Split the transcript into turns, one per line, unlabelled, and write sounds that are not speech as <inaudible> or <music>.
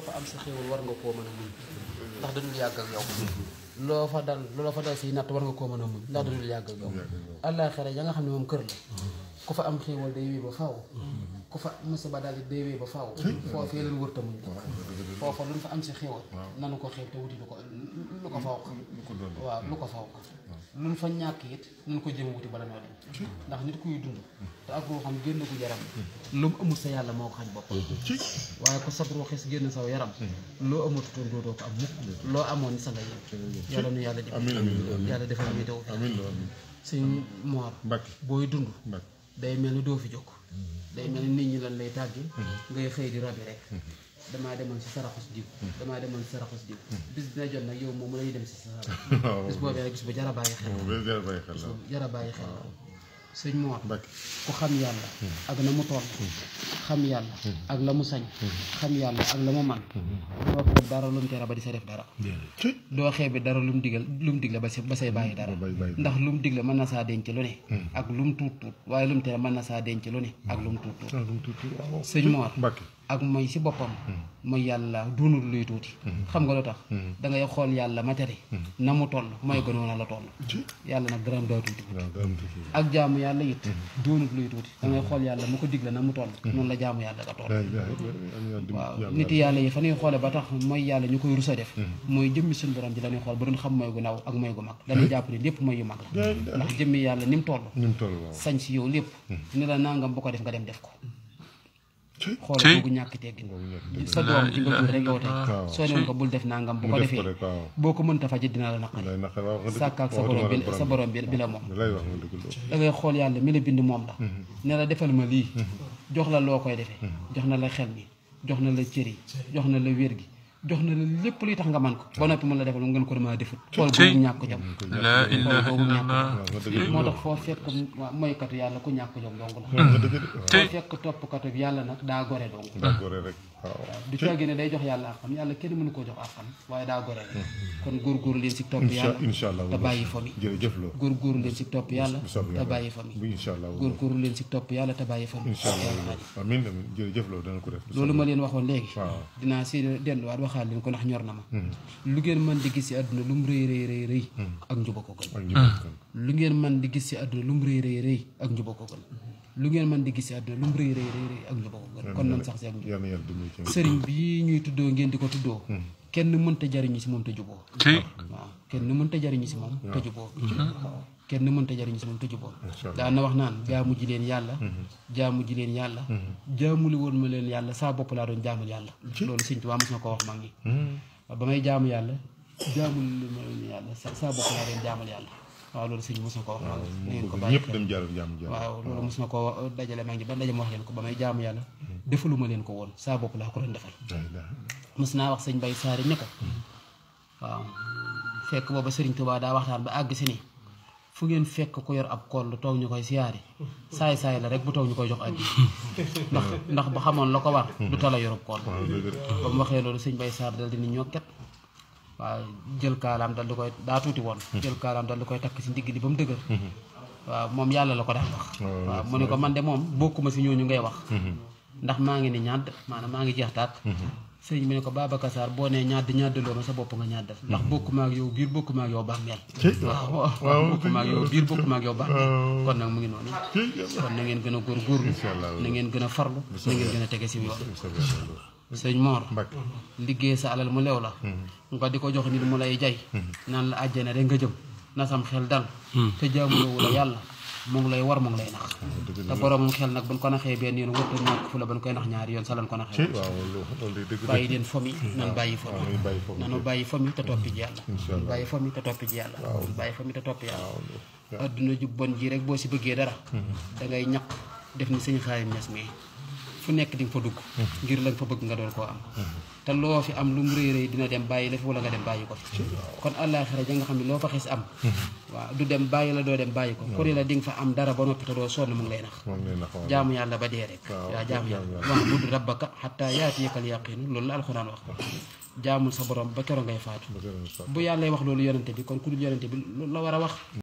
loo am si xéewal war nga koo mën a muñ ndax dadul yàgg ak yow loo fa dal loo fa dal si natt war nga koo mën a muñ ndax dadul yàgg ak yow àllaaxira ya nga xam ne moom kër la ku fa am xéewal day wéy ba faaw ku fa musiba daal day wéy ba faaw foofee lu ñu fa am si xéewal nanu ko xeeb te wuti lu ko lu ko faaw waaw lu ko faaw mun fa ñàkk it mun ko jéem wuti bala ñoo dem ndax nit kuy dund te ak ruuxam génn ko yaram lu mu amul sa yàlla moo ko xañ boppam waaye ko sab ruuxis génn saw yaram loo amatutoon dootoo ko am mukk loo amoon sa nga yem yàlla nu yàlla defal yàlla defal ñuy taw fi suñ moor booy dund day mel ni doo fi jóg day mel ni nit ñi lan lay tàggi ngay xëy di rabi rek damaa demoon si saraxus diw hmm. damaa demoon hmm. bis dina jot nag yow moom mu lay dem si saraxus <laughs> bis bis bu jara bàyyi xel bis ba jara bàyyi xel sëñ Mor ku xam yàlla hmm. ak na mu toll xam yàlla ak la mu sañ xam yàlla ak la mu man doo xeeb ba di sa def dara doo xeeb bi dara lu mu digal lu mu digle ba ba say bàyyi dara ndax lu mu digle mën na saa denc lu ne ak lu mu tuut tuut waaye lu mu tere mën na saa denc lu ne ak lu mu tuut tuut sëñ Mor ak mooy si boppam mooy hmm. yàlla duunul luy tuuti hmm. xam nga lu tax hmm. da ngay xool yàlla materi na mu toll mooy gënoon a la toll yàlla nag daraam daa tuuti ak jaamu yàlla it duunul luy tuuti da ngay xool yàlla mu ko digle na mu toll noonu la jaamu yàlla nga toll waaw nit yàlla yi fa ñuy xoole ba tax mooy yàlla ñu koy a def mooy jëmmi suñu borom ji la xool ba doon xam mooy gu naw ak mooy gu mag dañuy jàpp ne lépp mooy yu mag la ndax jëmmi yàlla ni mu toll sañ si yow lépp ni la nangam bu ko def nga dem def ko xoolal bu ñàkk teggin sa doom di nga jur rek yow tey soo ne ko bul def nangam bu ko defee boo ko mënta faj dina la naqari sàkkaak sa borom bi sa borom bi la moom da ngay xool yàlla mi la bind moom la mhm. ne la defal ma lii mhm. jox la loo koy defee mhm. jox na la xel mi jox na la cër yi jox na la wér gi jox na la lépp luy tax nga man ko ba noppi mën la defal ngeen ko dama defut xool bu ñàkk ko jom la moo tax foo fekk waaw moykatu yàlla ku ñàkk jom dong la foo fekk toppkatu yàlla nag daa gore rek waaw du coogee ne day jox yàlla ak xam yàlla kenn mënu koo jox ak xam waaye daa gore hmm. kon góor leen si topp yàlla te bàyyi fa mi jërëjëf la góorgóor leen si topp yàlla te bàyyi fa mi góorgóor leen si topp yàlla te bàyyi fa mi amiin amiin jërëjëf la dana ko def loolu ma leen waxoon léegi dinaa si delluwaat waxaat leen ko ndax ñor na ma hmm. lu ngeen mën di gis si àdduna lu mu rëy rëy rëy hmm. ak njuba ko gën lu ngeen mën di gis si àdduna lu mu rëy rëy rëy ak njuba ko gën lu ngeen mën di gis àdduna lu mu rëy rëy rëy ak lu ko gën kon nañ sax si ak njub sëriñ bi ñuy tuddoo ngeen di ko tuddoo hmm. kenn mënta jariñu si moom te juboo waaw kenn mënta jariñu si hmm. hmm. moom te juboo waaw kenn mënta na wax naan jaamu ji leen yàlla jaamu ji leen yàlla jaamuli woon ma leen yàlla saa bopp laa doon jaamul yàlla loolu sëñ Tuubaa mos na ko wax maa ngi ba may jaamu yàlla jaamul ma leen yàlla saa bopp laa doon jaamul yàlla waaw loolu sëñ bi ko wax loolu ko bàyyi ñëpp dem jaaru jaam jaam waaw loolu mos ko eh, dajale maa ngi ba daje ma wax leen ko ba may jaamu yàlla ya, hmm. defaluma leen ko woon saa bopp laa ko doon defal mos naa wax sëñ Bay Saari ne hmm. ah, ko waaw fekk waxtaan ba fu ngeen fekk yor ab siyaari saay saay la rek bu toog ñu jox addi ndax ndax la ko war du tala ba loolu sëñ Bay Saar dal ñokket waaw jël kaalaam da di koy daa tuuti woon hmm. jël kaalaam da di koy takk si ndigg li ba mu dëgër hmm. waaw moom yàlla la ko daan wax oh, waaw mu ne ko man de moom bokkuma si ñu ngay wax hmm. ndax maa ngi ni ñàdd maanaam maa ngi jeex taat sëñ mu ne ko baaba Sarr boo nee ñàdd ñàddaloo ma sa bopp nga ñàddal ndax bokkuma ak yow biir bokkuma ak yow bàmmeel <laughs> waaw bokkuma ak yow biir bokkuma ak yow bàmmeel kon nag mu ngi noonu kon na ngeen gën a góorgóorlu na ngeen gën a farlu na ngeen a tege si yoon sëñ Mor liggéey sa alal mu leew la mm-hmm. nga di ko jox nit mu lay jay mm-hmm. naan la àjjana rek nga jëm na sam xel dal mm-hmm. te jaamuloowu la yàlla mu ngi lay war mu ngi lay nax te borom xel nag buñ ko naxee benn yoon wërta koy nax ñaari yoon sa lañ ko naxee bàyyi leen fomi nan bàyyi fomi nanu bàyyi fomi te toppi ji yàlla bàyyi fomi te toppi ji yàlla bàyyi fomi bon ji rek boo si bëggee dara da ñaq def ni sëñ xaayi mes mi fu nekk di nga fa dugg mhm. ngir la nga fa bëgg nga doon koo am mhm. te loo fi am lu mu rëy rëy dina dem bàyyi la fi wala nga dem bàyyi ko fi kon àllaaxira ja nga xam ne loo fa xis am mhm. waaw du dem ba noppi te doo jaamu yàlla ba dee rek waaw jaamu sa borom ba keroog ngay faatu bu yàlla wax loolu yonente bi kon ku dul bi la war a wax